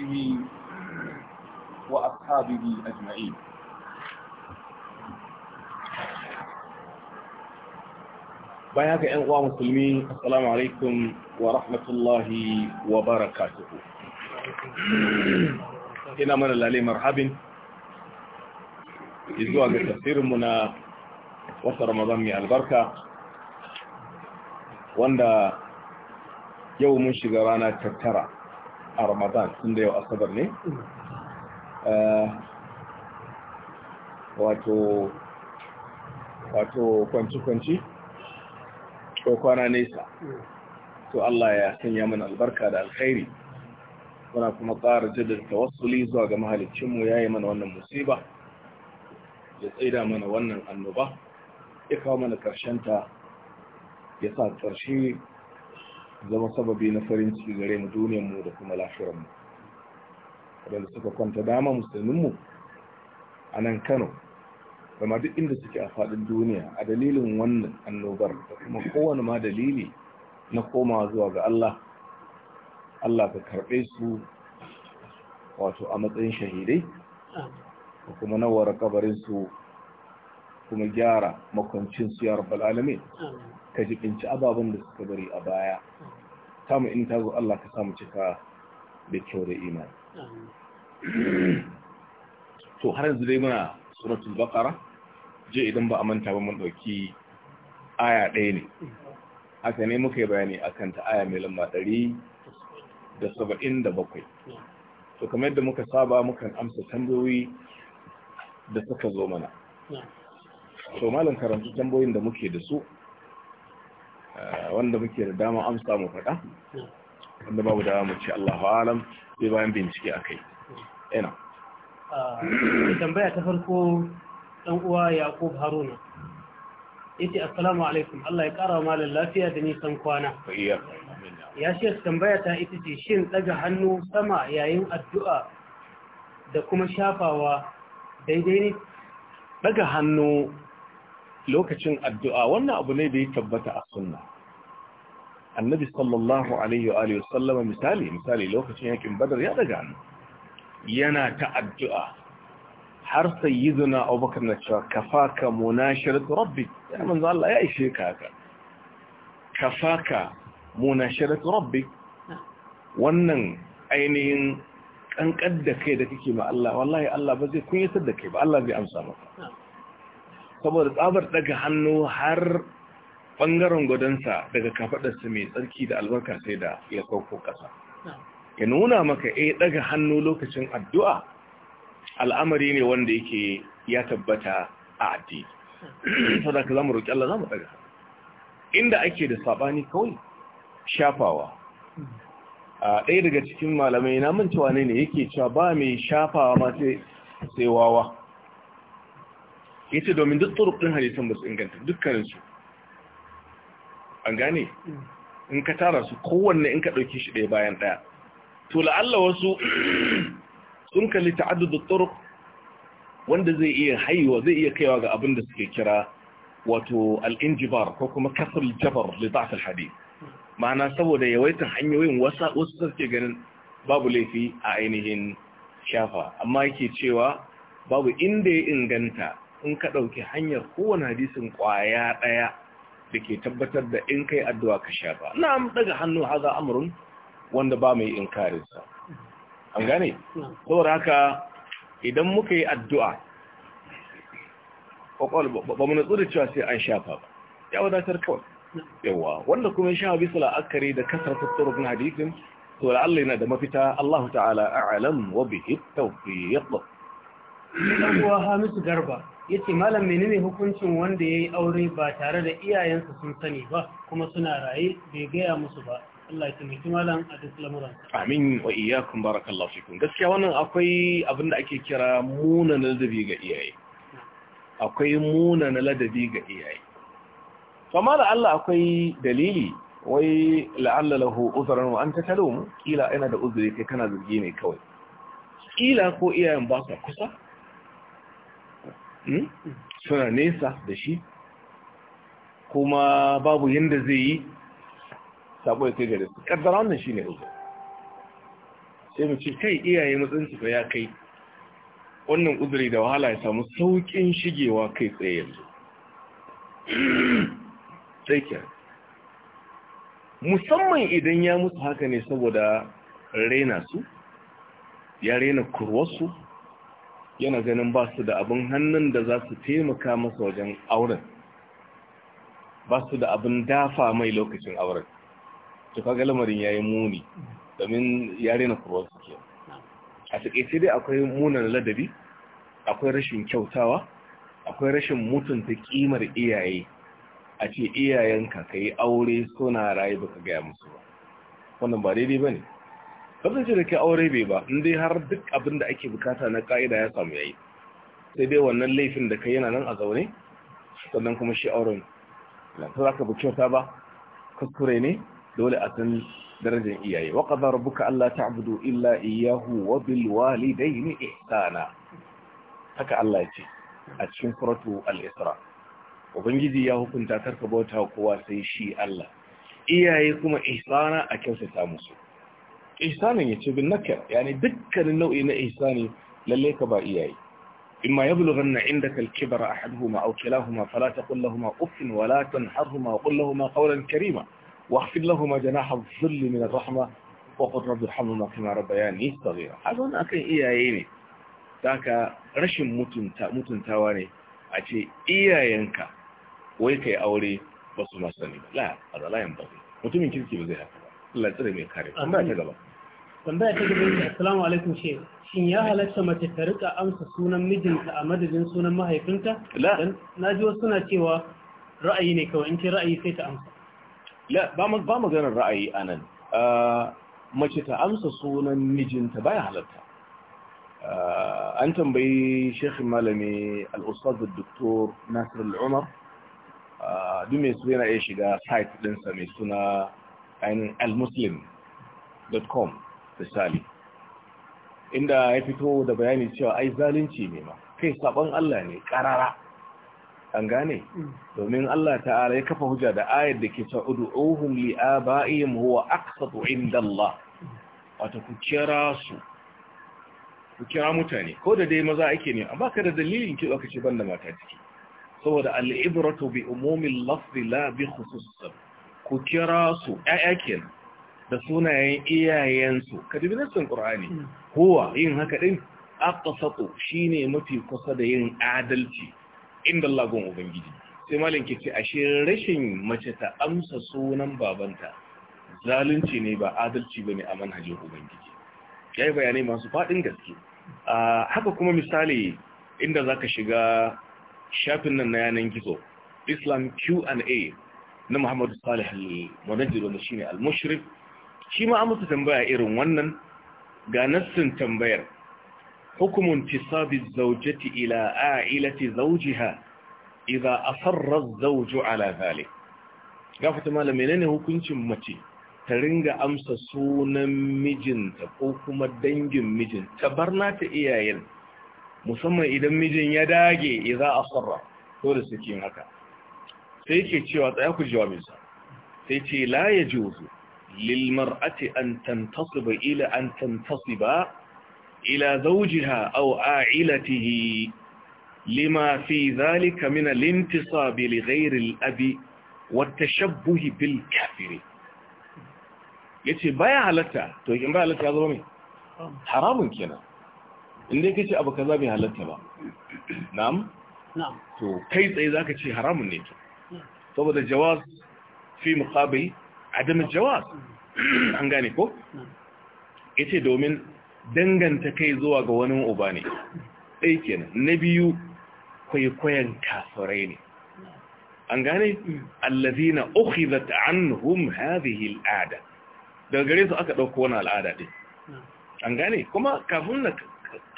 وآله وأصحابه أجمعين بياك أن قوام مسلمين السلام عليكم ورحمة الله وبركاته هنا من الله مرحبا إذوا قتصير منا وصل رمضان من البركة وأن يوم شغرانا تترى a ramadan tun da yau asabar ne eh, wato wato kwanci-kwanci ko kwana nesa to Allah ya sanya mana albarka da alkhairi muna kuma ƙara jaddada tawassuli zuwa ga mahaliccinmu yayi mana wannan musiba ya tsaida mana wannan annoba ya kawo mana ta ya sa ƙarshe zama sababi na farin ciki gare mu duniyar mu da kuma lafiyar mu wadanda suka kwanta dama musulmin mu a nan Kano kama duk inda suke a faɗin duniya a dalilin wannan annobar da kuma kowane ma dalili na komawa zuwa ga Allah Allah ka karɓe su wato a matsayin shahidai da kuma nawara kabarinsu kuma gyara makwancin ya rabbal ka jibinci ababen da suka bari a baya samu in ta zo Allah ka samu cika da kyau da imani to har yanzu dai muna suratul baqara je idan ba a manta ba mun dauki aya ɗaya ne haka ne muka yi bayani akan ta aya mai lamba ɗari da saba'in da bakwai to kamar yadda muka saba mukan amsa tambayoyi da suka zo mana to malam karantu tambayoyin da muke da su Eh, wanda muke da dama amsa mu faɗa wanda babu dama mu ce Allahu alam sai bayan bincike akai ina eh, eh, tambaya ta farko dan uwa Yakub Haruna yace assalamu alaikum Allah ya kara malan lafiya da nisan kwana ya ce tambaya ta ita ce shin daga hannu sama yayin addu'a da kuma shafawa daidai ne daga hannu lokacin addu'a wannan abu ne da ya tabbata a sunna annabi sallallahu alaihi wa sallama misali misali lokacin yakin badar ya daga hannu yana ta addu'a har sayyiduna abubakar na cewa kafaka munashirat rabbi ya manzo Allah ya ishe ka haka kafaka munashirat rabbi wannan ainihin kankar da kai da kake ma Allah wallahi Allah ba zai kunyatar da kai ba Allah zai amsa maka saboda tsabar daga hannu har ɓangaren gwadonsa daga kafaɗarsa mai tsarki da albarka sai da ya sauko ƙasa ya nuna maka ya eh, ɗaga hannu lokacin addu'a al'amari ne wanda yake ya tabbata a addini Sada ka mu roƙi Allah zamu ɗaga. inda ake da sabani kawai shafawa a ɗaya daga cikin malamai na mantawa ne ne yake cewa ba mai shafawa ma sai wawa yace domin duk turukin halittar ba su inganta dukkaninsu. an gane mm. in ka tara su kowanne in ka ɗauki shi ɗaya bayan ɗaya to la'alla wasu sun kalli ta'addudu turuq wanda zai iya haiwa zai iya kaiwa ga abin da suke kira wato al-injibar ko kuma kasr al-jabar li da'f ma'ana saboda yawaitan hanyoyin wasa wasu suke ganin babu laifi a ainihin shafa amma yake cewa babu inda ya inganta in ka ɗauki hanyar kowane hadisin ƙwaya ɗaya da ke tabbatar da in kai addu'a ka shafa na daga hannu haza amurin wanda ba mai inkarinsa an gane? saboda haka idan muka yi addu'a ba mu natsu da cewa sai an shafa ba ya wadatar kawai yawa wanda kuma sha bisa la'akari da kasar na hadithin to Allah yana da mafita Allah ta'ala alam wa bihi tawfiq ɗan’uwa hamisu garba ya ce malam menene hukuncin wanda ya yi aure ba tare da iyayensa sun sani ba kuma suna raye bai gaya musu ba Allah ya taimaki malam a duk lamuran amin wa iyyakum barakallahu fikum gaskiya wannan akwai abin da ake kira muna na ladabi ga iyaye akwai muna na ladabi ga iyaye fama da Allah akwai dalili wai la'alla lahu uzran wa anta talum kila ina da uzuri kai kana zargi ne kawai kila ko iyayen ba su kusa Hmm? suna nesa da shi kuma babu yadda zai yi sabo ya kai gare su kaddara wannan shi ne hujja sai mu ce kai iyaye matsinsu fa ya kai wannan uzuri da wahala ya samu sauƙin shigewa kai tsaye yanzu sai musamman idan ya mutu haka ne saboda raina su ya raina kurwarsu yana ganin ba su da abin hannun da za su taimaka masa wajen auren ba su da abin dafa mai lokacin auren to kaga lamarin ya yi muni domin ya rena kurwar su ke a takaice dai akwai munan ladabi akwai rashin kyautawa akwai rashin mutunta kimar iyaye a ce iyayenka ka yi aure suna rayu baka gaya musu ba wannan ba daidai ba ne kamar ce da ke aure bai ba in dai har duk abin da ake bukata na ka'ida ya samu yayi sai dai wannan laifin da kai yana nan a zaune sannan kuma shi auren ta za ka bi kyauta ba kuskure ne dole a san darajar iyaye wa qadara rabbuka alla ta'budu illa iyyahu wa bil walidayni ihsana haka Allah ya ce a cikin suratu al-isra ubangiji ya hukunta karka bauta kowa sai shi Allah iyaye kuma ihsana a kyautata musu إحساني يتشب النكر يعني ذكر النوء إن إحساني لليك بائياي إما يبلغن عندك الكبر أحدهما أو كلاهما فلا تقل لهما أف ولا تنحرهما وقل لهما قولا كريما واخفض لهما جناح الظل من الرحمة وقل رب الحمدنا كما ربياني صغيرا هذا هنا أكين إياييني ذاك رشم متنتواني أتي إيايينك ويكي أولي بصمة لا هذا لا ينبغي متمين كذلك بذيها لا تريد من الكريم أمين tambaya ta gaba yake assalamu alaikum shi shin ya halatta mace ta rika amsa sunan mijinta a madadin sunan mahaifinta na ji wasu suna cewa ra'ayi ne kawai in ce ra'ayi sai ta amsa la ba ba maganar ra'ayi anan ah, mace ta amsa sunan mijinta baya halatta ah, an tambayi shekhin malami al-ustad dr nasir al-umar ah, duk mai su yana iya shiga site ɗinsa mai suna al-muslim.com misali inda ya fito da bayani cewa ai zalunci ne ma kai sabon Allah ne karara an gane domin Allah ta'ala ya kafa hujja da ayar da ke cewa ud'uhum li aba'ihim huwa aqsatu indallah wato ku kira su ku kira mutane ko da dai maza ake ne amma ka da dalilin ki baka ce banda mata ciki saboda al-ibratu bi umumil lafzi la bi khususs ku kira su ayyakin da sunayen iyayensu ka dubi nassin qur'ani hmm. huwa yin haka din aqsatu shine mafi kusa da yin adalci inda Allah gon ubangiji sai malin ke ce ashe rashin mace ta amsa sunan babanta zalunci ne ba adalci bane a manhajin ubangiji yayi bayanai masu fadin gaske haka kuma misali inda zaka shiga shafin nan na yanan gizo Islam Q&A na Muhammadu Salih al-Munajjir wanda shine al mushrik shi ma amsa tambaya irin wannan ga nassin tambayar hukumun tisabi zaujati ila a'ilati zawjiha idza asarra zawju ala zalik gafata malam menene hukuncin mace ta ringa amsa sunan mijinta ko kuma dangin mijin ta barna ta iyayen musamman idan mijin ya dage idza asarra to da suke haka sai yake cewa tsaya ku jawabinsa sai ce la yajuzu للمرأة أن تنتصب إلى أن تنتصب إلى زوجها أو عائلته لما في ذلك من الانتصاب لغير الأب والتشبه بالكافر yace baya halatta to in baya halatta ya zama mai haramun kenan inda yake ce abu kaza bai halatta ba na'am na'am to kai tsaye zaka ce haramun ne to saboda jawaz fi muqabil adamin jawaz an gane ko yace domin danganta kai zuwa ga wani uba ne ɗaya kenan na biyu kwaikwayon kafirai ne an gane allazina ukhizat anhum hadhihi al'ada daga gare su aka dauko wannan al'ada din an gane kuma kafin na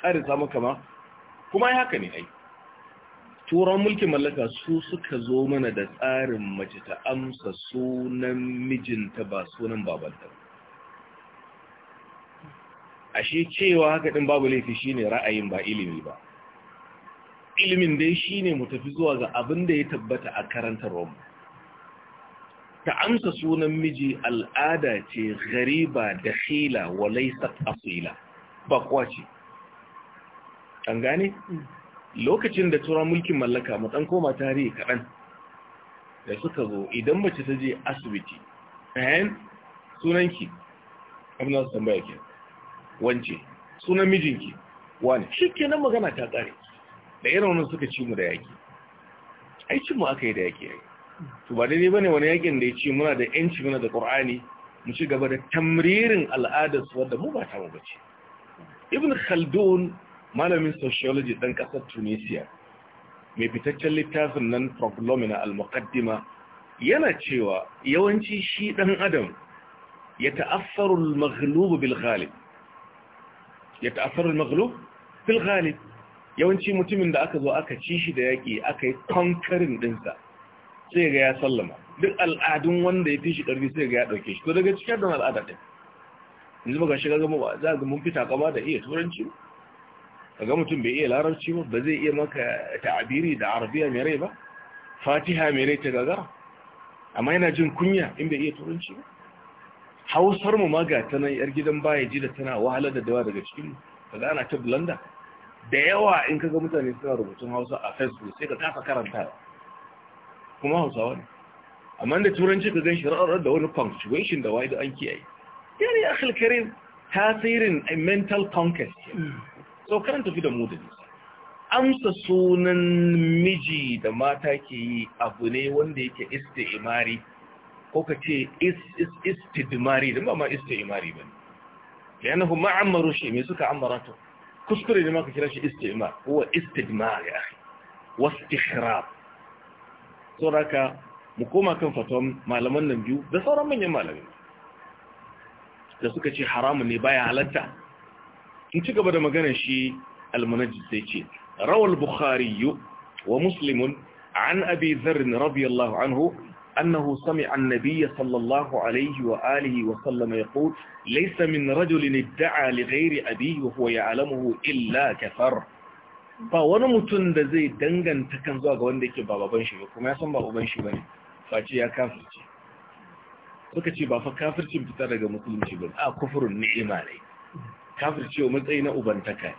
kare maka kama. kuma ya haka ne ai turan mulkin mallaka su suka zo mana da tsarin mace ta amsa sunan mijinta ba sunan babanta ashe cewa haka din babu laifi shine ra'ayin ba ilimi ba ilimin dai shine mu tafi zuwa ga abin da ya tabbata a karantarwar mu ta amsa sunan miji al'ada ce gariba da hila wa laysat asila ba kwace an gane mm. lokacin da tura mulkin mallaka matan koma tarihi kaɗan da suka zo idan mace ta je asibiti ɗayan eh, sunanki abin da su tambaya ke wance sunan mijinki wani shi nan magana ta tsare da irin wani suka ci mu da yaƙi ai ci mu aka yi da yaƙi yaƙi to ba daidai bane wani yaƙin da ya ci muna da yanci muna da ƙur'ani mu ci gaba da tamririn al'adarsu wadda mu ba ta mu bace ibn khaldun malamin sociology ɗan ƙasar tunisia mai fitaccen littafin nan proglomina al-muqaddima yana cewa yawanci shi ɗan adam ya ta'affaru al-maghlub bil ghalib ya ta'affaru al-maghlub bil ghalib yawanci mutumin da aka zo aka ci shi da yaƙi aka yi conquering ɗinsa sai ga ya sallama duk al'adun wanda ya fi shi ƙarfi sai ga ya ɗauke shi to daga cikin da al'ada ɗin yanzu ba ga shiga gama ba za ga mun fita kama da iya turanci kaga mutum bai iya larabci ba ba zai iya maka ta'abiri da arabiya mai rai ba fatiha mai rai ta gagara amma yana jin kunya in bai iya turanci ba hausar mu maga ta nan yar gidan baya ji da tana wahalar da dawa daga cikin mu kaga ana ta blanda da yawa in kaga mutane suna rubutun hausa a facebook sai ka kafa karanta kuma Hausa wani? amma da turanci ka gan shirarar da wani punctuation da wai da an kiyaye Yari akhil karim tasirin a mental conquest hmm. so kan tafi da mu da nisa amsa sunan miji da mata ke yi abu ne wanda yake isti'imari ko ka ce istidimari don ba ma isti'imari ba ne yana kuma ammaru shi mai suka ammarata kuskure ne ma ka kira shi isti'imar kuwa istidimari a wasu ihrab sauraka mu koma kan faton malaman nan biyu da sauran manyan malamai da suka ce haramun ne baya halatta in ci gaba da magana shi almunajjid sai ce rawal bukhari wa muslimun an abi dharr radiyallahu anhu أنه سمع wa صلى الله عليه وآله وسلم يقول ليس من رجل ادعى لغير أبيه وهو يعلمه إلا Ba wani mutum da zai danganta kan zuwa ga wanda yake bababan shi kuma ya san ba uban shi bane face ya kafirce suka ce ba fa kafircin fita daga musulunci ba a kufurun ni'ima ne ce wa matsayi na ubantaka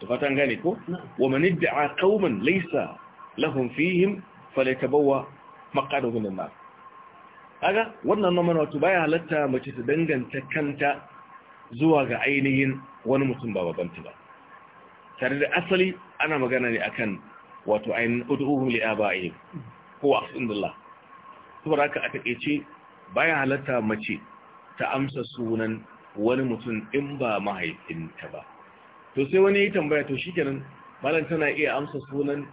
to fatan gane ko wa man idda'a qauman laysa lahum fihim falyatabawwa maqadahu min nar aga wannan nan wato baya halatta mace ta danganta kanta zuwa ga ainihin wani mutum ba babanta ba tare da asali ana magana ne akan wato ainihin ud'uhum li aba'ihim ko asundullah saboda haka a takeice baya halatta mace ta amsa sunan wani mutum in ba mahaifinta ba to sai wani ya tambaya to shikenan malam tana iya amsa sunan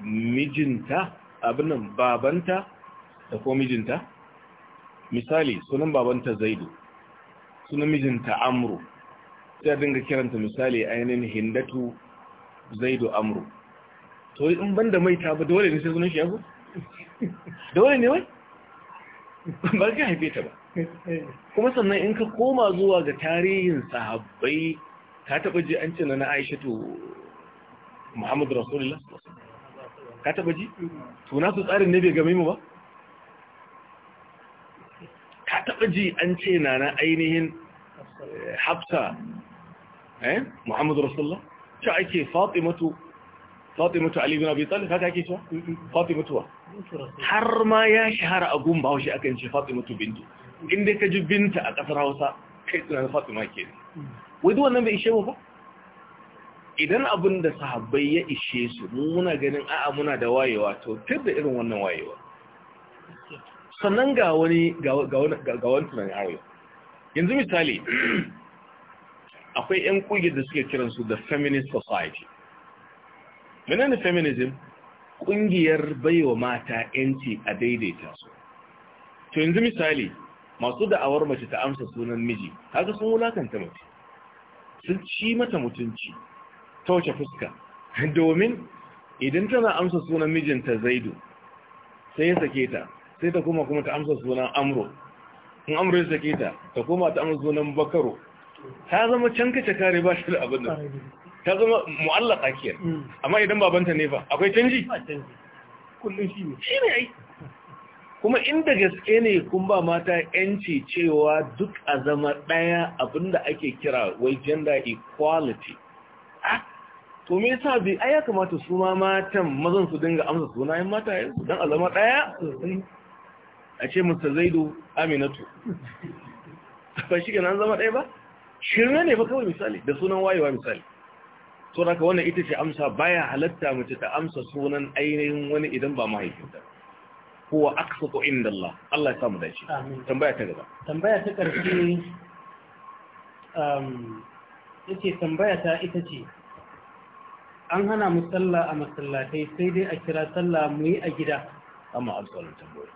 mijinta abin nan babanta da ko mijinta misali sunan babanta zaidu sunan mijinta amru sai dinga kiranta misali ainihin hindatu zaidu amru to in banda mai ta ba dole ne sai sunan shi yago dole ne wai ba ga haife ta ba kuma sannan in ka koma zuwa ga tarihin sahabbai ka taba ji an ce na Aisha to Muhammad Rasulullah ka taba ji to na su tsarin ne bai game mu ba ka taba ji an ce na na ainihin Hafsa eh Muhammad Rasulullah ta ake Fatimatu Fatimatu Ali bin Abi Talib haka ake cewa Fatimatu har ma ya shahara a gumbawa shi akan ce Fatimatu bintu inda ka ji binta a ƙasar hausa kai tunanin fatima ke ne wai duk wannan bai ishe mu ba idan abin da sahabbai ya ishe su mu muna ganin a'a muna da wayewa to tun da irin wannan wayewa sannan ga wani ga wani tunanin arewa yanzu misali akwai 'yan kuge da suke kiransu da feminist society menene feminism kungiyar baiwa mata 'yanci a daidaita su to yanzu misali masu da'awar mace ta amsa sunan miji haka sun wulakanta mace sun ci mata mutunci ta wace fuska domin idan tana amsa sunan mijinta zaidu sai ya sake ta sai ta kuma kuma ta amsa sunan amro in amro ya sake ta ta kuma ta amsa sunan bakaro ta zama can kace kare ba shi da abin nan ta zama mu'allaka kiyar mm. amma idan babanta ne fa akwai canji kullum shi ne shi ne ai kuma inda gaske ne kun ba mata yanci cewa duk a zama ɗaya abinda ake kira wai gender equality ah, to me yasa bai ai ya kamata su ma matan mazan su dinga amsa sunayen mata su dan a zama ɗaya a ce Mr. Zaidu Aminatu ba shi kenan zama ɗaya ba shirme ne ba kawai misali da sunan wayewa misali to haka wannan ita ce amsa baya halatta mace ta amsa sunan ainihin wani idan ba mahaifinta huwa aqsatu inda Allah Allah ya samu da shi. Amin. tambaya ta gaba tambaya ta karshe um yace tambaya ta ita ce an hana mu sallah a masallatai sai dai a kira sallah mu yi a gida amma an tsoron tambayi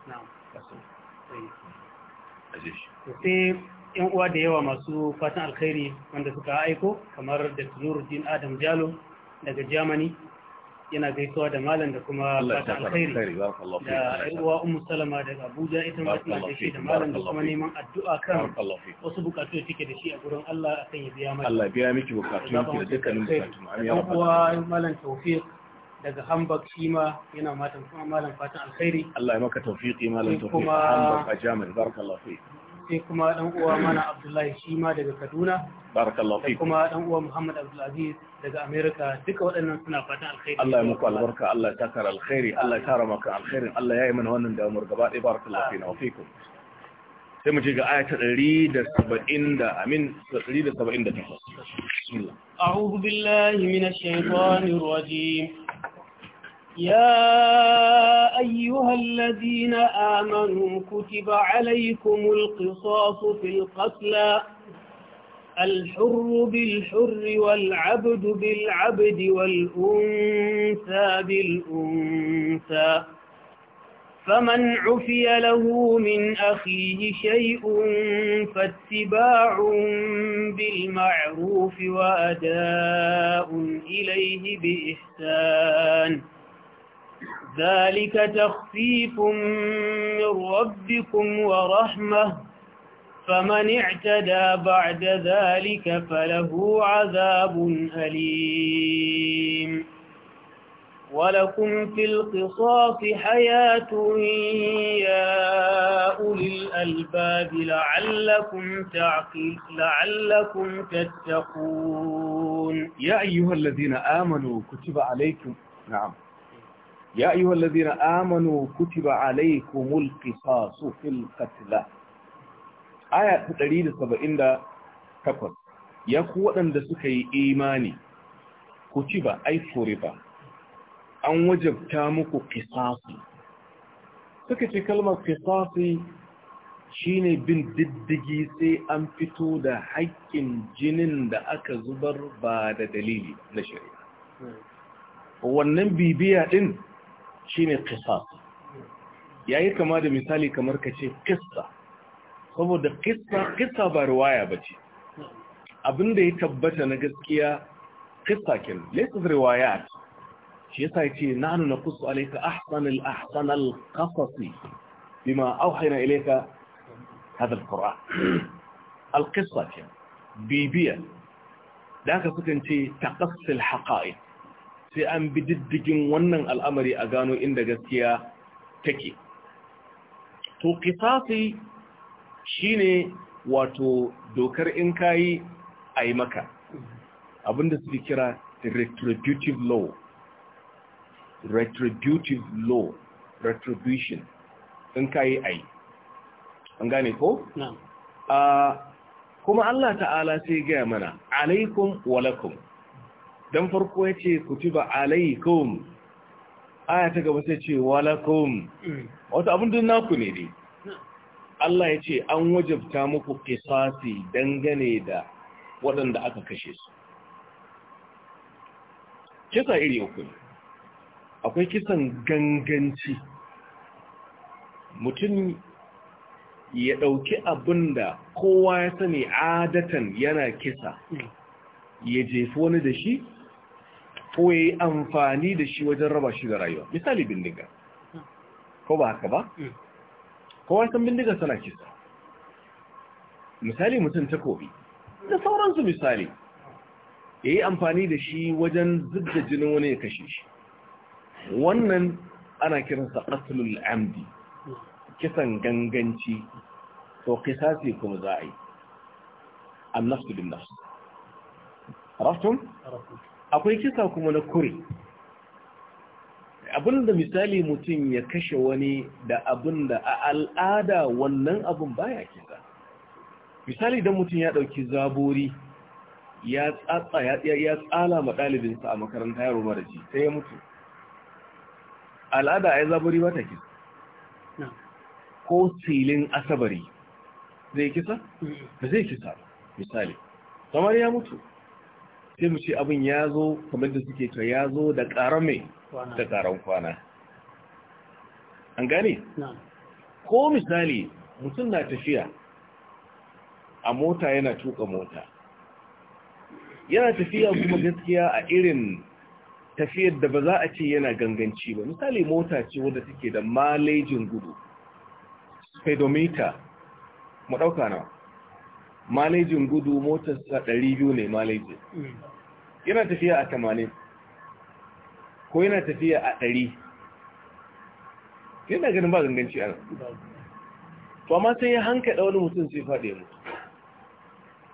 sai yan uwa da yawa masu fatan alkhairi wanda suka aiko kamar da nuruddin adam jalo daga germany yana gaisuwa da malam da kuma fata alkhairi da yarwa ummu salama daga abuja ita ma tana gaishe da malam da kuma neman addu'a kan wasu bukatu da take da shi a gurin Allah akan ya biya mata Allah biya miki bukatu da dukkanin bukatu amin ya malam tawfiq daga Hamburg shi ma yana matan kuma malam fatan alkhairi Allah ya maka tawfiqi malam tawfiq a barakallahu fiik sai kuma dan uwa mana Abdullahi shi ma daga Kaduna barakallahu fiik kuma dan uwa Muhammad Abdulaziz daga America duka waɗannan suna fatan alkhairi Allah ya muku albarka Allah ya takara alkhairi Allah ya tara maka alkhairin Allah ya yi mana wannan damar gaba ɗaya barakallahu fiina wa fiikum sai mu ce ga aya ta 170 da amin 178 bismillah a'udhu billahi minash shaitanir rajim يا أيها الذين آمنوا كتب عليكم القصاص في القتلى الحر بالحر والعبد بالعبد والأنثى بالأنثى فمن عفي له من أخيه شيء فاتباع بالمعروف وأداء إليه بإحسان ذلك تخفيف من ربكم ورحمة فمن اعتدى بعد ذلك فله عذاب أليم ولكم في القصاص حياة يا أولي الألباب لعلكم, تعقل لعلكم تتقون يا أيها الذين آمنوا كتب عليكم نعم ya ayyuha allazina amanu kutiba alaykumul qisasu fil qatl aya ta 178 ya ku waɗanda suka yi imani kutiba ay furiba an wajabta muku qisasi suka ce kalmar qisasi shine bin diddigi sai an fito da haƙƙin jinin da aka zubar ba da dalili na shari'a wannan bibiya din shine qisas yayi kama da misali kamar kace qissa saboda qissa qissa ba riwaya bace abinda ya tabbata na gaskiya qissa kin laysa riwayat shi yasa yace nahnu naqussu alayka ahsan al-ahsan al-qasas bima awhayna ilayka hadha al-quran al-qissa kin bibiya da ka sukan ce taqassul haqa'iq sai an bi diddigin wannan al'amari a gano inda gaskiya take to kisasi shine wato dokar in kayi a yi maka abinda suke kira retributive law retributive law retribution in kayi a yi an gane ko? Ah, kuma Allah ta'ala sai gaya mana alaikum walakum don farko ya ce kutiba alaikum aya ta gaba sai ce walakum wata abin dun naku ne dai Allah ya ce an wajabta muku kisasi dangane da waɗanda aka kashe su kisa iri uku akwai kisan ganganci mutum ya ɗauki abin da kowa ya sani adatan yana kisa ya jefi wani da shi ko ya yi amfani da shi wajen raba shi da rayuwa misali bindiga ko ba haka ba mm. kowa san bindiga suna kisa misali mutum takobi da sauransu misali ya yi amfani da shi wajen zubda jinin wani ya kashe shi wannan ana kiransa asalul amdi kisan ganganci to kisasi kuma za a yi annafsu bin nafsu عرفتم؟ عرفتم akwai kisa kuma na kure abinda misali mutum ya kashe wani da abinda a al'ada wannan abin baya kisa misali don mutum ya ɗauki zabori ya tsala ma ɗalibinsa a makaranta ya da maraji sai ya mutu al'ada a yi zabori ba ta kisa ko tilin asabari zai kisa? Mm-hmm. zai kisa misali kamar ya mutu sai mu ce abin ya zo kamar da suke ta ya zo da ƙaran mai da ƙaran kwana an gane? ko misali mutum na tafiya a mota yana tuka mota yana tafiya kuma gaskiya a irin tafiyar da ba za a ce yana ganganci ba misali mota ce wadda take da malejin gudu speedometer mu ɗauka nawa malejin gudu motarsa 200 ne maleji yana tafiya a 80 ko yana tafiya a 100 yana ganin ba ganganci ana to amma sai ya hankaɗa wani mutum sai faɗe mu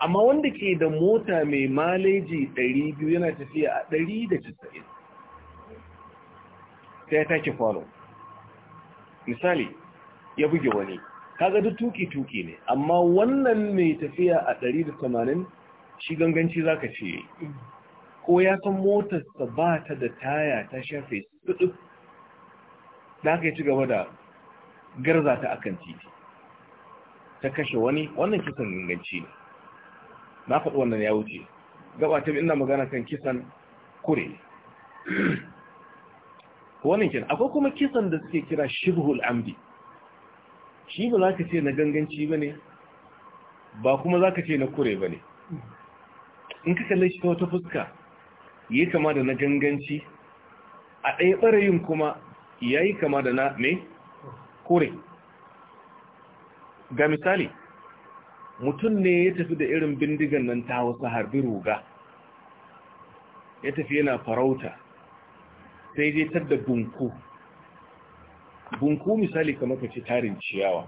amma wanda ke da mota mai maleji 200 yana tafiya a 190 sai ya take kwano misali ya buge wani kaga duk tuki-tuki ne amma wannan mai tafiya a 180 shi ganganci zaka ce ko ya san motarsa ba ta da taya ta shafe tudu da aka yi ci gaba da garza ta akan titi ta kashe wani wannan kisan ganganci ne na faɗi wannan ya wuce gaba ta ina magana kan kisan kure wannan kin akwai kuma kisan da suke kira shibhul amdi shi ba za ka ce na ganganci ba ne ba kuma za ka ce na kure ba ne in ka kalle shi ta wata fuska ya kama da na ganganci a ɗaya ɓarayin kuma ya yi kama da na mai kure ga misali mutum ne ya tafi da irin bindigan nan ta wasu harbi ruga ya tafi yana farauta sai je tadda bunku bunku misali kamar ka ce tarin ciyawa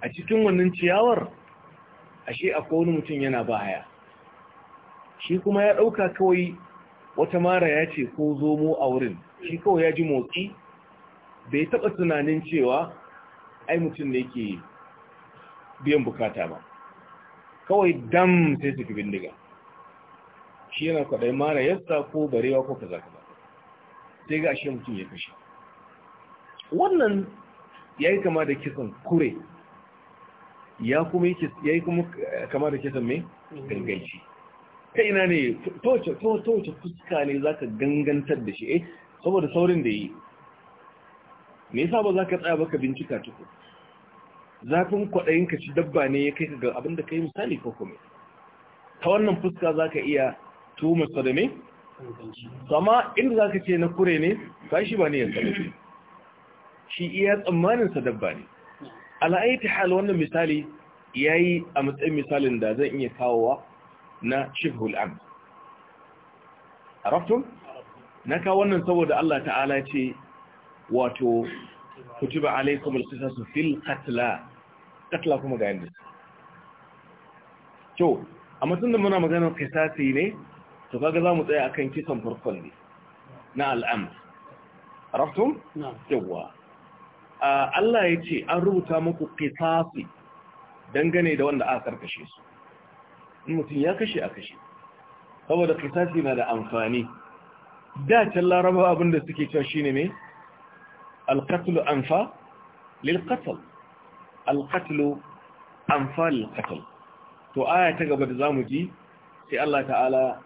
a cikin wannan ciyawar ashe akwai wani mutum yana ba shi kuma ya ɗauka kawai wata mara ya ce ko zomo a wurin shi kawai ya ji motsi bai taɓa tunanin cewa ai mutum ne yake biyan bukata ba kawai dam sai su fi bindiga shi yana kwaɗai mara yasta ko barewa ko kaza kaza sai ga ashe mutum ya kashe wannan ya yi kama da kisan kure ya kuma eh, kama da kisan mai ganganci ta ina ne toce fuska ne za ka gangantar da shi eh saboda saurin da yi me yasa ba za ka tsaya baka bincika tuku zafin kwaɗayin ka ci dabba ne ya kai ka ga abin ka yi misali ko kuma ta wannan fuska za ka iya tuhumar da me? sama inda za ka ce na kure ne ba shi ba ne yanzu shi iya tsammaninsa dabba ne ala'aiti hal wannan misali ya yi a matsayin misalin da zan iya kawowa na shifhul am araftun na kawo wannan saboda Allah ta'ala ce wato kutuba alaikum al-qisasu fil katla qatla kuma ga yanda to matsayin da muna maganar qisasi ne to kaga za zamu tsaya kan kisan farkon ne na al'am araftun na'am yawa Allah ya ce an rubuta muku ƙisasi dangane da wanda aka karkashe su in mutum ya kashe a kashe saboda ƙisasi na da amfani da can laraba abin da suke cewa shine ne al-qatl anfa lil qatl anfa lil to aya ta gaba da zamu ji sai Allah ta'ala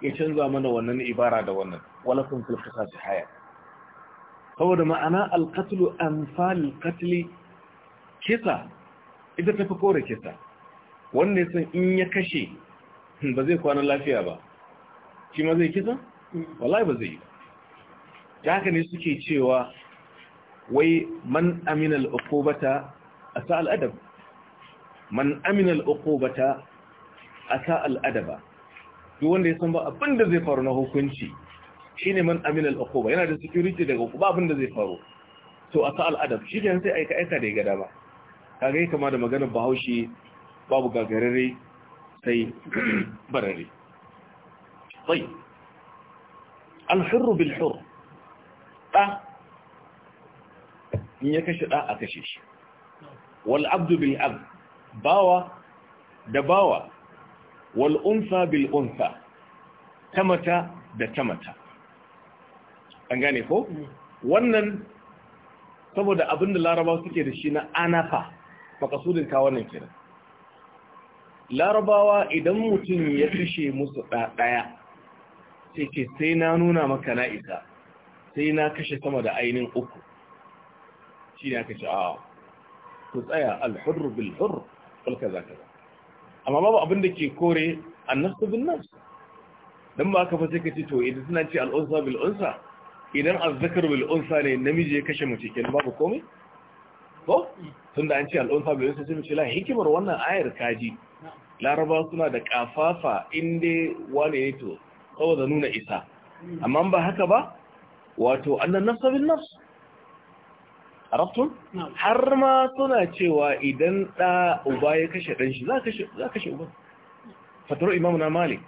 ya canza mana wannan ibara da wannan walakum fil qisasi haya. saboda ma'ana alkatulu amfal katili kisa ita tafi kore kisa wanda ya san in ya kashe ba zai kwana lafiya ba shi ma zai kisa? wallahi ba zai yi ta haka ne suke cewa wai man aminal ukubata a sa al'adab man aminal ukubata a sa al'adaba duk wanda ya san ba abinda zai faru na hukunci Shi ne man amina al yana da security daga uquba abin da zai faru to a aka al-adab shikenan sai aika aika da ya gada ba kaga kama da maganar bahaushe babu gagarare sai barare Alhurru الحر بالحر ɗa in ya kashe ɗa a kashe shi wal abdu bil ab bawa da bawa wal unsa bil unsa tamata da tamata an gane ko mm. wannan saboda abin da laraba suke da shi na anafa makasudin kawo nan kenan larabawa idan mutum ya fishe musu ɗaya sai ce sai na nuna maka na isa sai na kashe sama da ainihin uku shi ne aka ce ku tsaya alhurru bilhurru ɗalka za ka za amma babu abin da ke kore annasu bin nasu don ba aka fa sai ka ce to idan suna ce al'unsa bil'unsa idan azzakar bil unsa ne namiji ya kashe mace kenan babu komai ko tunda an ce al unsa bil unsa sai la hikimar wannan ayar kaji laraba suna da kafafa inda wane ne to da nuna isa amma ba haka ba wato annan nafsa bin nafs arabtun har ma suna cewa idan ɗa uba ya kashe dan shi za a kashe uba fataro imamu na malik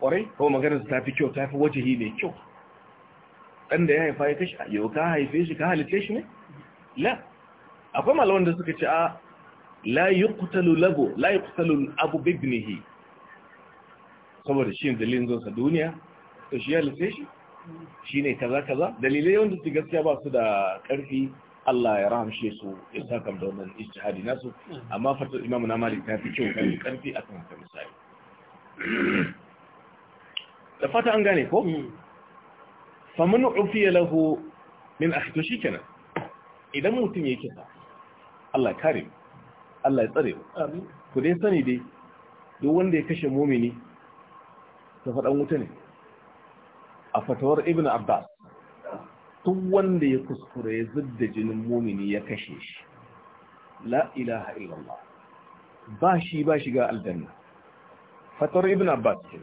kwarai ko magana ta fi kyau ta fi wajihi mai kyau ɗan da ya haifa ya kashi yau ka haife shi ka halitta shi ne la akwai malawan da suka ce a la yuqtalu lahu la yuqtalu abu bibnihi saboda shi dalilin zuwa sa duniya to shi halitta shi shine kaza kaza dalilai wanda su gaskiya ba su da karfi Allah ya rahamshe su ya saka da wannan ijtihadi nasu amma fatar imamu na malik ta fi kyau kan karfi akan kan misali da fata an gane ko mm. famin ufiya lahu min akhi shi kenan, idan mutum ya kisa, Allah kare Allah ya tsare ku dai sani dai duk wanda ya kashe mumini ta faɗan wuta ne a fatawar ibn abbas duk wanda ya kuskura ya zidda jinin mumini ya kashe shi la ilaha illallah ba shi ba shiga aljanna fatawar ibn abbas ce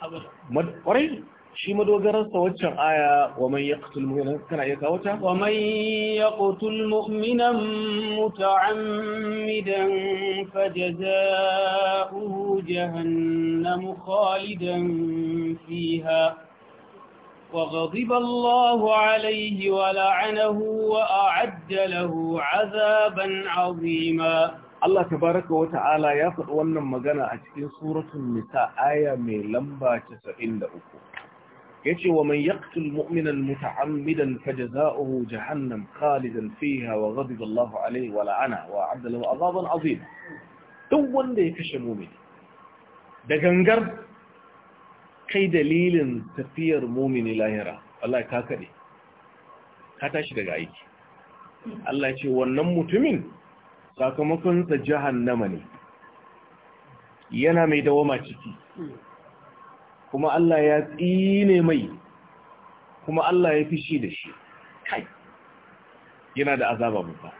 ƙwarai shi madogararsa waccan aya wa man yaqtul mu'mina kana iya kawo ta wa man yaqtul mu'mina muta'ammidan fajaza'uhu jahannamu khalidan fiha وغضب الله عليه ولعنه وأعد له عذابا عظيما Allah tabaraka wa ta'ala ya faɗi wannan magana a cikin suratun nisa aya mai lamba 93 yace wa man yaktul mu'minan muta'ammidan fajza'uhu jahannam khalidan fiha wa ghadiba Allahu alayhi wa la'ana wa 'adda lahu 'adaban 'azima duk wanda ya kashe mu'mini da gangar kai dalilin tafiyar mu'mini lahira Allah ka kade ka tashi daga aiki Allah ce wannan mutumin sakamakonsa jahannama ne yana mai dawama ciki kuma Allah ya tsine mai kuma Allah ya fishi da shi kai yana da azaba babba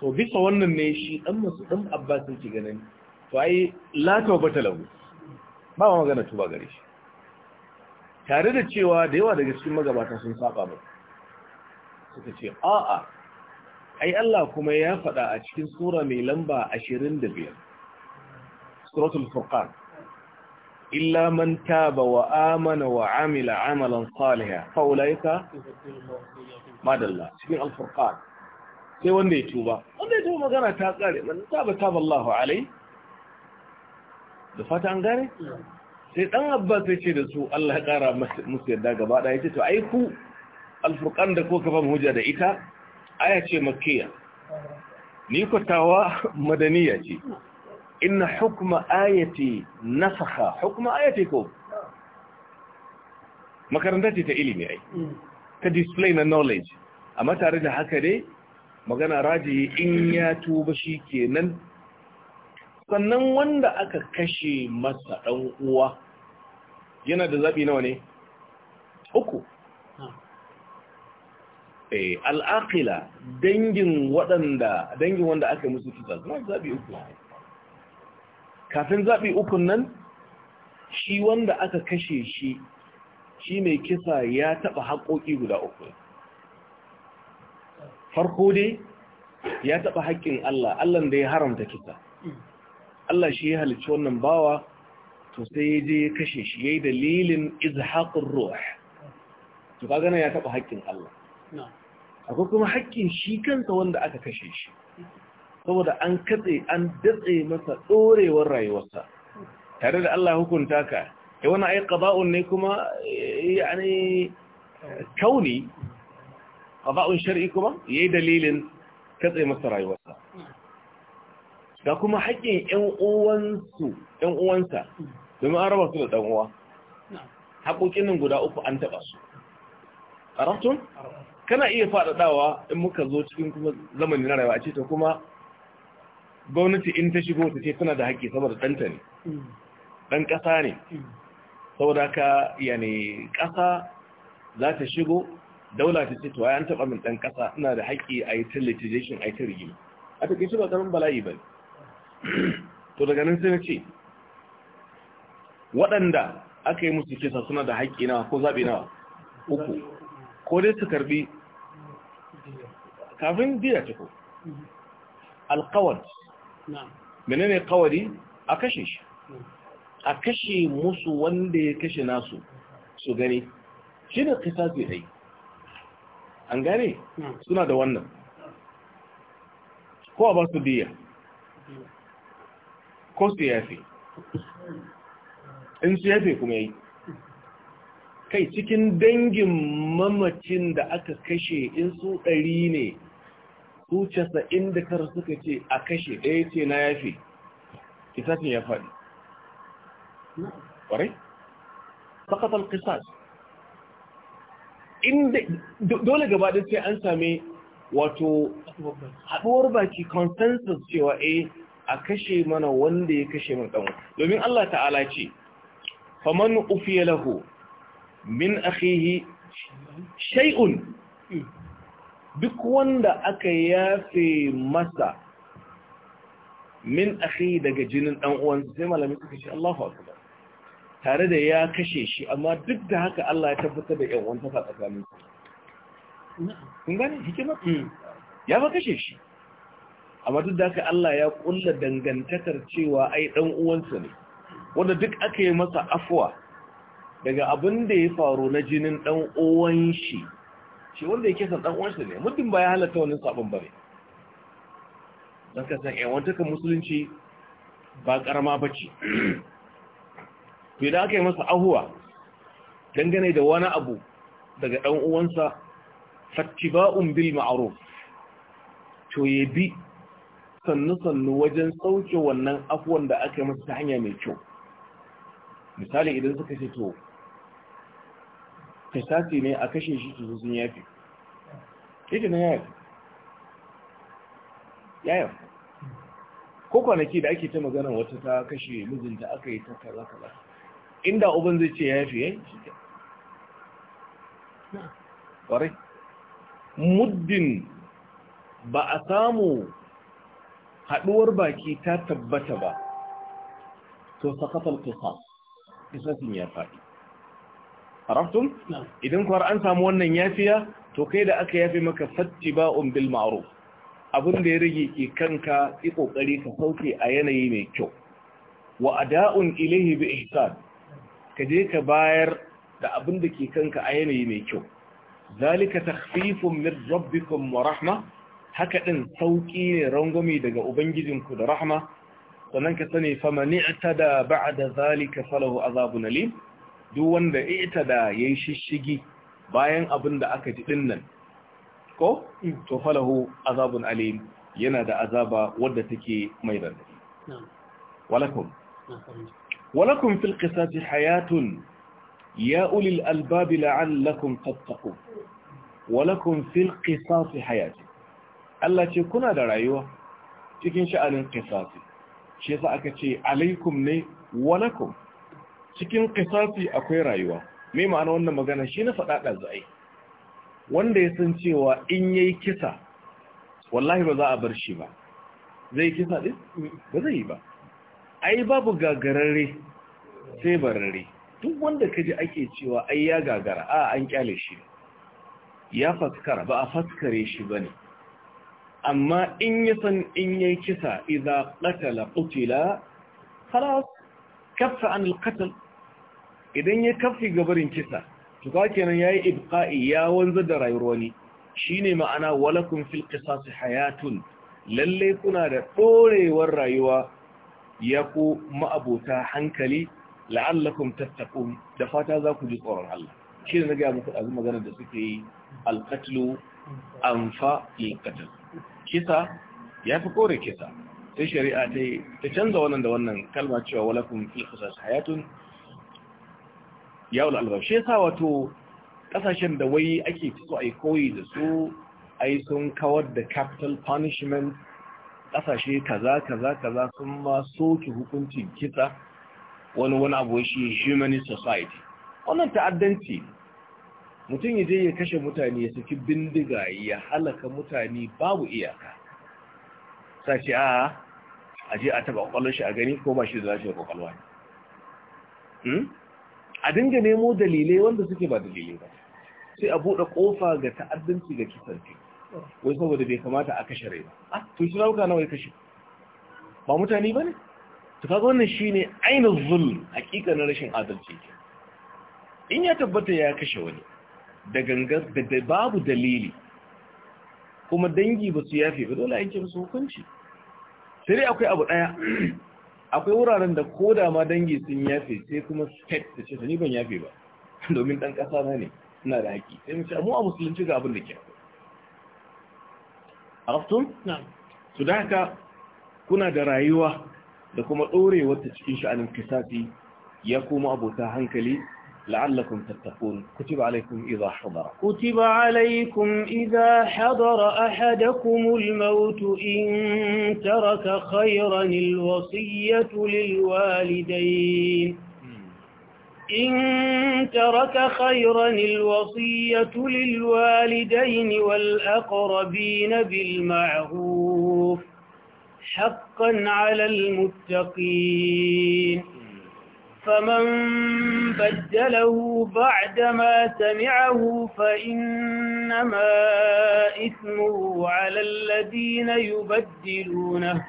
so bisa wannan ne shi dan masu dan Abbas yake ganin to ai la tawbata lahu ba ma magana tuba gare shi tare da cewa da yawa daga cikin magabata sun saba mai suka ce a'a ai Allah kuma ya faɗa a cikin sura mai lamba 25 suratul furqan illa man taba wa amana wa amila amalan salihan fa ulaika madalla cikin al-furqan sai wanda ya tuba wanda ya tuba magana ta tsare man taba taba Allahu alai da fata an gane sai dan abbas ya ce da su Allah ya kara musu yadda gaba daya ta aiku. ai da ko da ita aya ce makkiya ni kwatawa ce inna hukma ayati nasakha hukma ayati ko makaranta ce ta ilimi ai ta display na knowledge amma tare da haka dai magana raji in ya tuba shi kenan sannan wanda aka kashe masa dan uwa yana da zaɓi nawa ne uku Al'aqila dangin waɗanda dangin wanda aka musu kisa kuma zabi uku kafin zaɓi ukun nan shi wanda aka kashe shi shi mai kisa ya taɓa haƙoƙi guda uku farko dai ya taɓa haƙƙin Allah Allah da ya haramta kisa Allah shi ya halicci wannan bawa to sai ya je ya kashe shi ya yi dalilin izhaƙin ruwa to gana ya taɓa haƙƙin Allah akwai kuma haƙƙin shi kansa wanda aka kashe shi saboda an katse an datse masa ɗorewar rayuwarsa tare da Allah hukunta ka ya eh, wani ai qada'un ne kuma eh, yani kauni qada'un shar'i kuma yayi dalilin katse masa rayuwarsa ga kuma haƙƙin ƴan uwansa domin an raba su da ɗan uwa haƙoƙin nan guda uku an taɓa su arabtun kana iya faɗaɗawa in muka zo cikin kuma zamanin rayuwa a ce ta kuma gwamnati in ta shigo ta ce tana da haƙƙi saboda ɗanta ne ɗan ƙasa ne saboda ka yani ƙasa za ta shigo daula ta ce to an taɓa min ɗan ƙasa ina da haƙƙi a yi ta a yi ta rigima a take shi ba ƙarin bala'i ba to daga nan sai na ce waɗanda aka yi musu kisa suna da haƙƙi nawa ko zaɓi nawa uku ko dai su karbi kafin biya ciko alkawar menene kawari a kashe shi a kashe musu wanda ya kashe nasu su gani shi ne kisasi ai an gane suna da wannan ko a ba su diya ko su yafe in su yafe kuma yi kai cikin dangin mamacin da aka kashe in su ɗari ne su casa'in da tara suka ce a kashe ɗaya ce na yafe kisafin ya faɗi ƙwarai? sakatar kisas inda dole gabaɗin sai an same wato haɗuwar baki consensus cewa A eh, a kashe mana wanda ya kashe mana ɗan domin Allah ta'ala ce faman ufiya lahu min akhihi shai'un. duk wanda aka yafe masa min akhi daga jinin dan uwan sai malami suka ce Allahu akbar tare da ya kashe shi amma duk da haka Allah ya tabbata da yan uwanta tsakanin su kun gane hikima mm. ya ba kashe shi amma duk da haka Allah ya kulla dangantakar cewa ai dan uwansa ne wanda duk aka yi masa afwa daga abin da ya faru na jinin dan uwan shi shi wanda yake san dan uwansa ne muddin ba ya halatta wannan sabon bane dan ka san ƴan musulunci ba karama bace to idan aka yi masa ahuwa dangane da wani abu daga dan uwansa fattiba'un bil ma'ruf to yabi sannu sannu wajen sauke wannan afuwan da aka yi masa ta hanya mai kyau misali idan suka ce to kisasi ne a kashe shi su sun yafi ita na yafi yayan ko kwanaki da ake ta magana wata ta kashe mijinta aka yi ta kaza kaza inda uban zai ce yafi yayi shi ta. ƙwarai muddin ba a samu haɗuwar baki ta tabbata ba to sakatar kisas kisasin ya faɗi arabtum idan kwar an samu wannan yafiya to kai da aka yafi maka fattiba'un bil ma'ruf abin da ya rage ke kanka yi kokari ka sauke a yanayi mai kyau wa ada'un ilayhi bi ihsan ka je ka bayar da abin da ke kanka a yanayi mai kyau zalika takhfifun min rabbikum wa rahma haka din sauki ne rangwame daga ubangijinku da rahma sannan ka sani fa man i'tada ba'da zalika falahu azabun alim duk wanda ita da yayi shishigi bayan abin da aka ji dinnan ko hmm. to falahu azabun alim yana da azaba wadda take mai radadi walakun? walakun fil qisasi hayatun ya ulil albab la'allakum tattaqun walakun fil qisasi hayatun Allah ce kuna da rayuwa cikin sha'anin qisasi shi yasa aka ce alaikum ne walakum cikin kisasi akwai rayuwa mai ma'ana wannan magana shi na faɗaɗa za'ai wanda ya san cewa in yayi kisa wallahi ba za a bar shi ba zai kisa ɗin ba zai yi ba ai babu gagararre sai bararre duk wanda ka ji ake cewa ai ya gagara a an kyale shi ya faskara ba a faskare shi ba ne amma in yi san in yayi kisa idan ƙatala ƙutila خلاص كف an القتل idan ya kafi gabarin kisa to ka kenan yayi ibqa'i ya wanzu da rayuwar wani shine ma'ana walakum fil qisas hayatun lalle kuna da dorewar rayuwa ya ku ma'abota hankali la'allakum tattaqun da fata za ku ji tsoron Allah shine na ga muku azuma magana da suke yi al-qatlu anfa fi qatl kisa ya fi kore kisa sai shari'a ta ta canza wannan da wannan kalma cewa walakum fil qisas hayatun ya wula alba shi yasa wato kasashen da wai ake so a koyi da su ai sun kawar da capital punishment kasashe kaza kaza kaza sun ma soke hukuncin kisa, wani wani abu shi humanist society wannan ta'addanci mutum ya je ya kashe mutane ya saki bindiga ya halaka mutane babu iyaka sashi a aje a taba kwallon shi a gani ko ba shi da lafiyar kwakwalwa ne hmm? a dinga nemo dalilai wanda suke ba dalilai ba sai a buɗe ƙofa ga ta'addanci ga kisan kai wai saboda bai kamata a kashe rai ba ah, to shi rauka nawa ya kashe ba mutane ba ne to kaga wannan shine ainihin zul hakika na rashin adalci ke. in ya tabbata ya kashe wani da gangar da babu dalili kuma dangi ba su yafe ba dole a yanke musu hukunci sai dai akwai abu ɗaya akwai wuraren da ko da ma dangi sun yafe sai kuma state ta ce ni ban yafe ba domin dan kasa na ne suna da haƙi sai mu ce mu a musulunci ga abin da ke araftum Na. su da haka kuna da rayuwa da kuma ɗorewa ta cikin sha'anin kisasi ya kuma abota hankali لعلكم تتقون كتب عليكم إذا حضر كتب عليكم إذا حضر أحدكم الموت إن ترك خيرا الوصية للوالدين إن ترك خيرا الوصية للوالدين والأقربين بالمعروف حقا على المتقين فمن بدله بعدما سمعه فإنما إثمه على الذين يبدلونه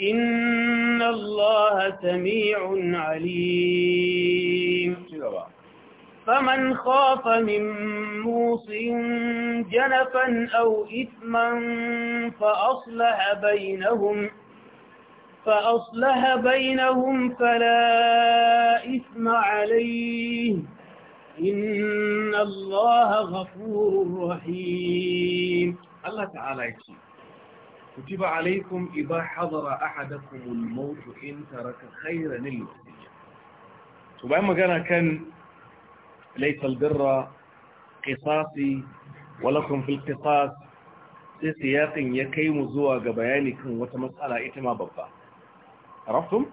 إن الله سميع عليم فمن خاف من موص جنفا أو إثما فأصلح بينهم فأصلح بينهم فلا إثم عليه إن الله غفور رحيم الله تعالى يقول كتب عليكم إذا حضر أحدكم الموت إن ترك خيرا للوصية ما كان كان ليس البر قصاصي ولكم في القصاص في سياق يكيم زواج بيانكم وتمسألة إتما بالضبط araftum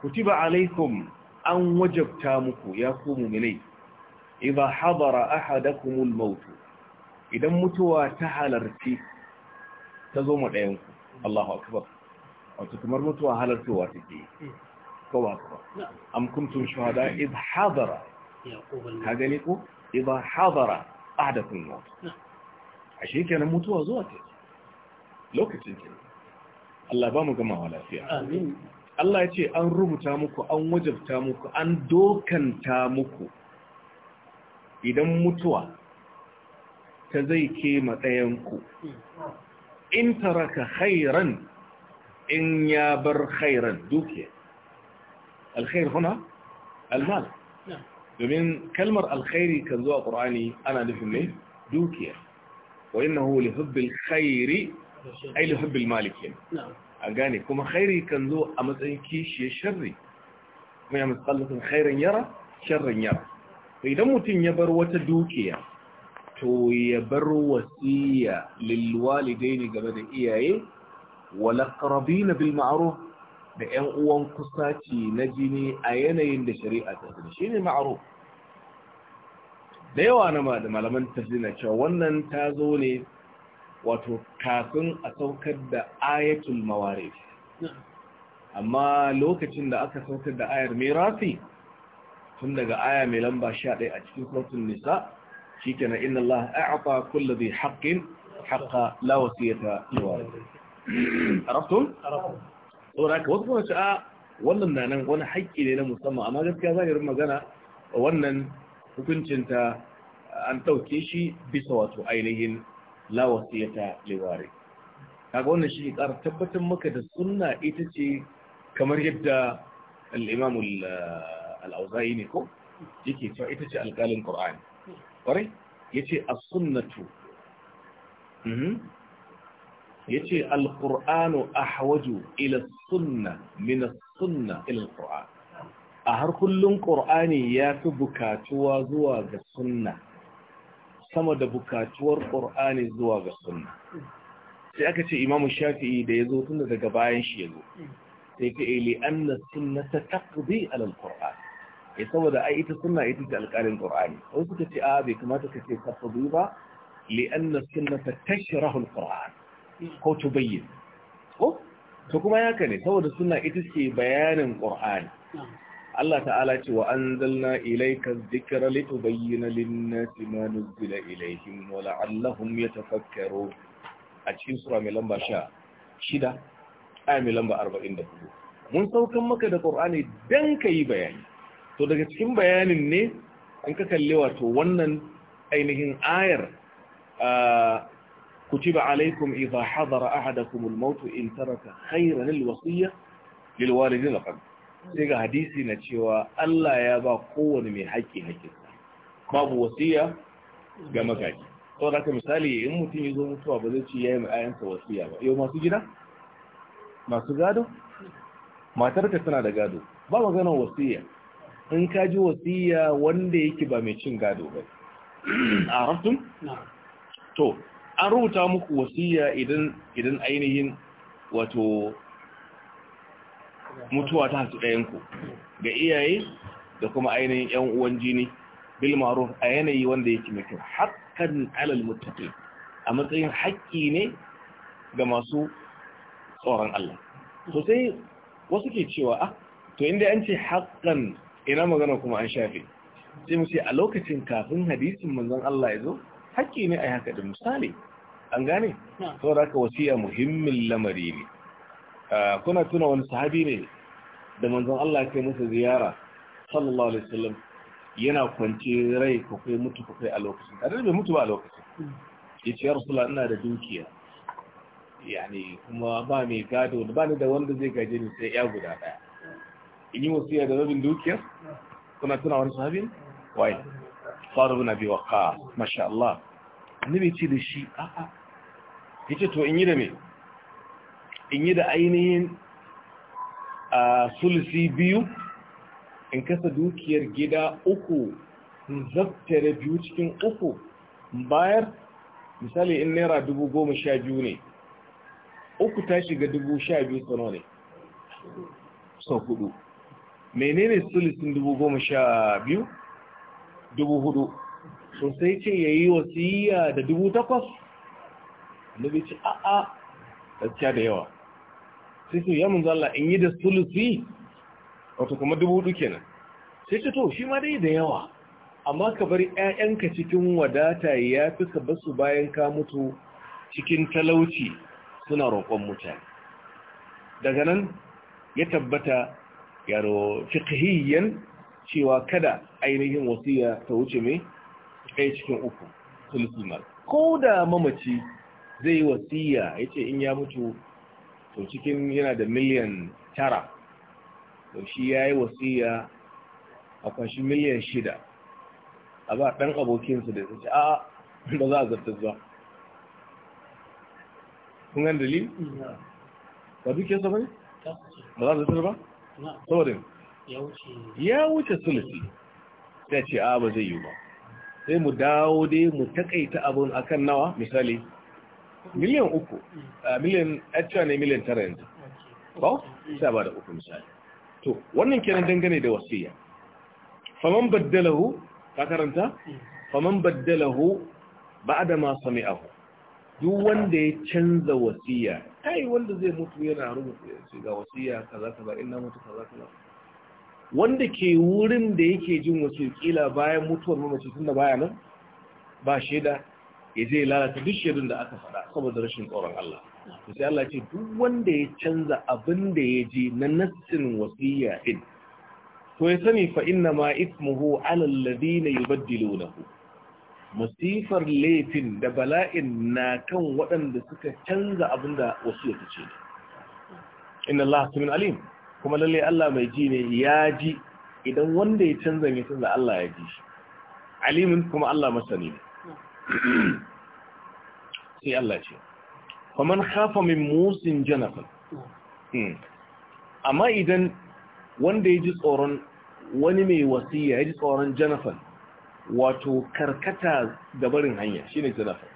kutiba alaikum an wajabta muku ya ku mu'minai idza hadara ahadakumul maut idan mutuwa ta halarci ta zo mu ɗayan ku Allahu akbar wato kamar mutuwa halartowa take ko ba ko am kuntum shuhada idza hadara ka habara ko da hadara ahadakumul maut ashe kenan mutuwa zuwa take lokacin kenan Allah ba mu gamawa lafiya Allah ya ce an rubuta muku an wajabta muku an dokanta muku idan mutuwa ta zai ke matsayanku in taraka khairan in ya bar khairan dukiya alkhair huna almal domin kalmar alkhairi kan zuwa ƙur'ani ana nufin ne dukiya wa na huli hubbil khairi أي له حب المالك يعني نعم أقاني كما خيري كان ذو أمد أن كيش يشري كما يعمل قلت خيرا يرى شرا يرى فإذا متن يبر وتدوكيا تو يبر وسيا للوالدين قبل اي إياه والأقربين بالمعروف بأن أوان قصاتي نجني أينين لشريعة تدريشين المعروف da yawa na malaman tafi na cewa wannan ta zo wato kafin a saukar da ayatul mawarif amma lokacin da aka saukar da ayar mirafi tun daga aya mai lamba ɗaya a cikin sautin nisa shikenan inna Allah a'ata kulli haƙa haqqin haqqa la wasiyata liwarith arabtum arabtum saboda wasu kuma a ah, wannan na nan wani haƙƙi ne na musamman amma gaskiya zahirin magana wannan hukuncinta an ɗauke shi bisa wato ainihin la wasiyata liwari kaga wannan shi kar tabbatar maka da sunna ita ce kamar yadda al-imam uh, al-auza'i ne ko yake cewa ita ce alƙalin qur'ani ƙwarai yace as-sunnatu mm-hmm. yace al-qur'anu ahwaju ila as-sunna min as-sunna ila al-qur'an a har kullun qur'ani ya fi bukatuwa zuwa ga sunna sama da bukatuwar ƙur'ani zuwa ga sunna sai aka ce imamu shafi'i da ya zo tunda daga bayan shi ya zo sai ta ili eh, anna sunna ta taqdi alal qur'an eh saboda ai ita sunna ita ce alƙalin qur'ani wai suka ce a ah, bai kamata ka ce taqdi ba li anna sunna ta tashrahu alquran ko to tubayyin ko to kuma ya ne saboda sunna ita ce bayanin qur'ani Allah ta'ala ce wa anzalna ilaika dhikra litubayyana lin-nasi ma nuzila ilayhim wa la'allahum yatafakkarun a cikin sura mai lamba 16 aya mai lamba 44 mun saukan maka da Qur'ani dan kai bayani to daga cikin bayanin ne an ka kalle wato wannan ainihin ayar ah, kutiba alaikum idha hadara ahadakum al-maut in taraka khayran al-wasiyya lil walidin laqad Daga hadisi na cewa Allah ya ba kowane mai haƙƙi haƙƙinsa babu wasiya ga magaji sau da misali in mutum ya zo mutuwa ba zai ci ya yi ma'ayansa wasiya ba yau masu gida masu gado matarka tana da gado ba maganar wasiya in ka ji wasiya wanda yake ba mai cin gado ba a rantun? to an rubuta muku wasiya idan ainihin wato mutuwa ta hasu ɗayanku ga iyaye da kuma ainihin ‘yan uwan jini bil maruf a yanayi wanda yake mai kyau hakan alal muttaqi a matsayin haƙƙi ne ga masu tsoron Allah to sai wasu ke cewa ah to inda an ce haƙƙan ina magana kuma an shafe sai mu ce a lokacin kafin hadisin manzon Allah ya zo haƙƙi ne a haka da misali an gane saboda haka wasiya muhimmin lamari ne Eh, kuna tuna wani sahabi ne da manzon Allah ke musu ziyara sallallahu alaihi wasallam yana kwance rai ko kai mutu ko kai a lokacin a bai mutu ba a lokacin yace ya rasulullah ina da dukiya yani kuma ba mai gado ba ni da wanda zai gaje ni sai ya guda daya in yi wasiya da rabin dukiya? kuna tuna wani sahabi wai faru na biwa ka masha Allah annabi ce da shi a'a yace to in yi da me in yi da ainihin a sulisi biyu in kasa dukiyar gida uku zaftare biyu cikin uku bayar misali in naira dubu goma sha biyu ne uku ta shiga dubu sha biyu tsano ne So hudu menene sulisin dubu goma sha biyu dubu hudu sosai ce ya yi wasiya da dubu takwas da bai ci a'a gaskiya da yawa sai su ya mun Allah in yi da sulusi wato kuma dubu hudu kenan sai ce to shi ma dai da yawa amma ka bari ƴaƴanka cikin wadata ya fi ka su bayan ka mutu cikin talauci suna roƙon mutane daga nan ya tabbata yaro fiqhiyyan cewa kada ainihin wasiya ta wuce mai kai cikin uku sulusi ma. ko da mamaci zai wasiya yace in ya mutu to cikin yana da miliyan tara to shi ya yi wasiya a kwashi miliyan shida a ba ɗan abokinsu da su a ba za a zarta zuwa kun gan dalil? ba duk yasa ba ne? ba za a zarta ba? saurin ya wuce sulisi ta ce a ba zai yi ba sai mu dawo dai mu takaita abin akan nawa misali miliyan uku ah, miliyan ajiyar ne miliyan tara yanzu ba sai ba da uku misali to wannan kenan dangane da wasiya faman baddalahu ka karanta hmm. faman baddalahu ba'da ma sami'ahu duk wanda ya canza wasiya yi wanda zai mutu yana rubuta ga wasiya kaza kaza ina mutu kaza kaza wanda ke wurin da yake jin wasu kila bayan mutuwar mamaci tunda baya nan ba shaida ya je lalata duk shirin da aka faɗa saboda rashin tsoron Allah to sai Allah ce duk wanda ya canza abin da ya ji na nassin wasiya din to ya sani fa inna ma ismuhu ala alladhina yubaddilunahu Masifar laifin da bala'in na kan waɗanda suka canza abin da wasiya ta ce inna Allah samin alim kuma lalle Allah mai ji ne ya ji idan wanda ya canza mai canza Allah ya ji shi alimin kuma Allah masani ne sai Allah ce man hafa min musin janafin hmm. amma idan wanda ya ji tsoron wani mai wasiya ya ji tsoron janafin wato karkata da barin hanya shi ne janafin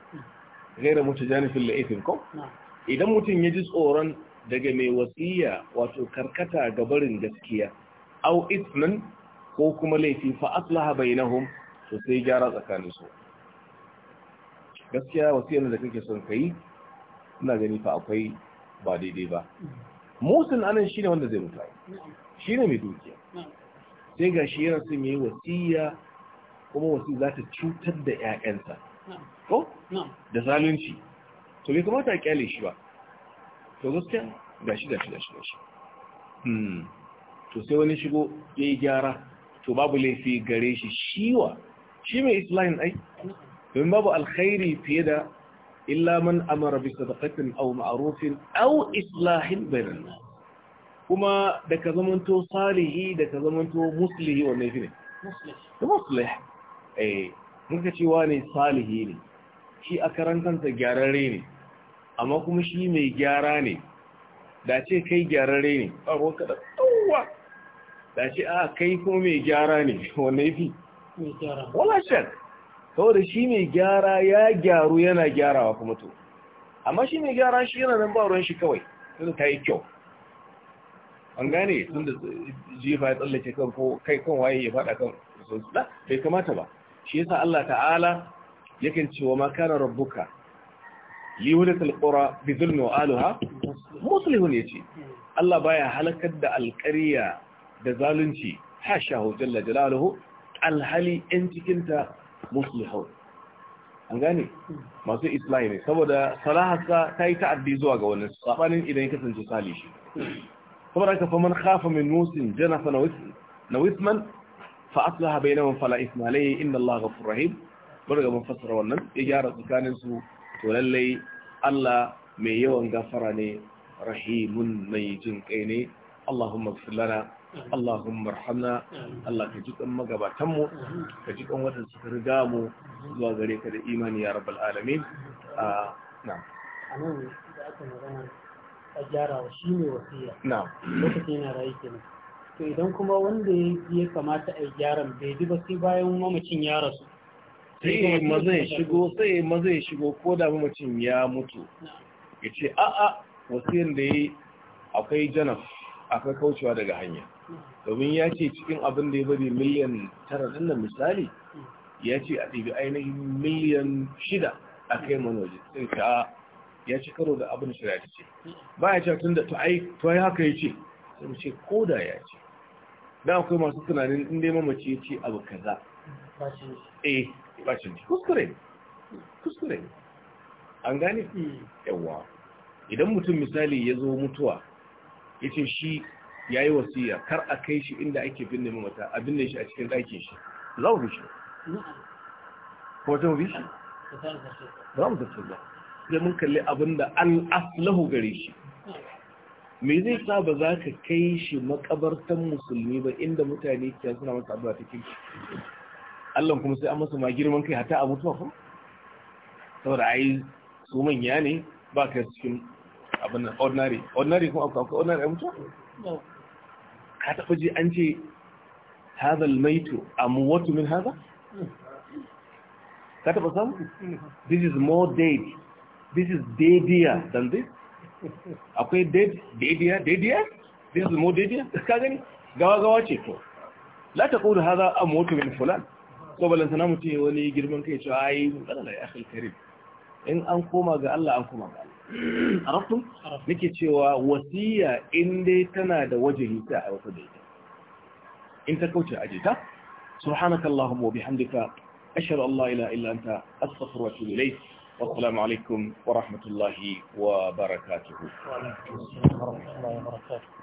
gaira mutu janafin la'ifin ko idan mutum ya ji tsoron daga mai wasiya wato karkata ga barin gaskiya au ismin ko kuma laifi fa aslaha bainahum to sai gyara tsakaninsu gaskiya wasiyar da kake son kai ina gani fa akwai ba daidai ba musun anan shine wanda zai mutu shine mai dukiya sai ga shi yana son yayi wasiya kuma wasi za ta cutar da ƴaƴansa ko da zalunci to bai kamata a kyale shi ba to gaskiya gashi shi, gashi shi hmm to sai wani shigo yayi gyara to babu laifi gare shi shiwa shi mai islamin ai domin babu alkhairi fiye da illa man amara bi sadaqatin au ma'rufin aw islahin bainan nas kuma da ka zamanto salihi da ka zamanto muslihi wannan shine muslih da muslih eh muka cewa ne salihi ne shi a karan kansa gyararre ne amma kuma shi mai gyara ne da ce kai gyararre ne a ruwanka da tsawa da ce a ah, kai ko mai gyara ne wannan fi wala shan. saboda shi mai gyara ya gyaru yana gyarawa kuma to amma shi mai gyara shi yana nan ba ruwan shi kawai tunda ta yi kyau an gane tunda jifa ya tsallake kan ko kai kan waye ya faɗa kan da bai kamata ba shi yasa Allah ta'ala yakan ce wa ma kana rabbuka liwulatul qura bi dhulmi wa aluha muslihun yace Allah baya halakar da alƙarya da zalunci hasha hu jalla jalaluhu alhali in cikinta muslihun an gane masu islahi ne saboda salahasa ta yi ta'addi zuwa ga wani sabanin idan ya kasance sali shi saboda ka faman hafa min musin janafa na wisman fa aslaha bainahum fala ismalai inda allah ga ghafurur mun wannan ya gyara tsakanin su to lallai Allah mai yawan gafara ne rahimun mai jin kai ne Allahumma fi lana Allahumma rahamna Allah ka ji ɗan magabatanmu ka ji kan waɗanda suka riga mu zuwa gare ka da imani ya rabar alamin a na anan da aka magana a gyara shi ne wasiya na lokacin yana rayu kenan to idan kuma wanda ya kamata a gyaran bai ji ba sai bayan mamacin ya rasu sai maza ya shigo sai maza ya shigo ko da mamacin ya mutu ya ce a'a wasiyar da ya yi akwai janaf akwai kaucewa daga hanya domin ya ce cikin abin da ya bari miliyan tara ɗin da misali ya ce a ɗibi ainihin miliyan shida a kai manoji sai ka ya ci karo da abin shirya ta ce ba ya ce tun da ta tu'ai haka ya ce sai mu ce ko da ya ce Na akwai masu tunanin inda ya mamaci ya ce abu kaza eh bacin ji kuskure kuskure an gane hmm. yawa idan mutum misali ya zo mutuwa ya ce shi ya yi wasiya kar a kai shi inda ake binne mamata a binne shi a cikin ɗakin shi za mu bishi ko ta bishi za mu tafi ba sai mun kalli abinda an aslahu gare shi me zai sa ba za ka kai shi makabartan musulmi ba inda mutane ke suna masa abuwa ta kinki allon kuma sai an masa ma girman kai hata a mutuwa kuma saboda ai su manya ne ba ka cikin abin ordinary ordinary kuma akwai ordinary mutuwa ka taɓa ji an ce hazal maitu amuwatu min haza? ka taɓa samu? this is more dead this is deadier than this akwai dead deadier deadier this is more deadier ka gani gawa-gawa ce to la ta ƙudu haza amuwatu min fulan ko balanta namu mutum wani girman kai cewa ai magana da ya akil karim in an koma ga Allah an koma ga Allah arafin nake cewa wasiya in dai tana da waje ta a wata da ita in ta kauce aje ta subhanaka allahumma wa bihamdika ashhadu an la ilaha illa anta astaghfiruka wa atubu ilayk wa assalamu alaikum wa rahmatullahi wa barakatuh wa alaikum assalam wa rahmatullahi wa barakatuh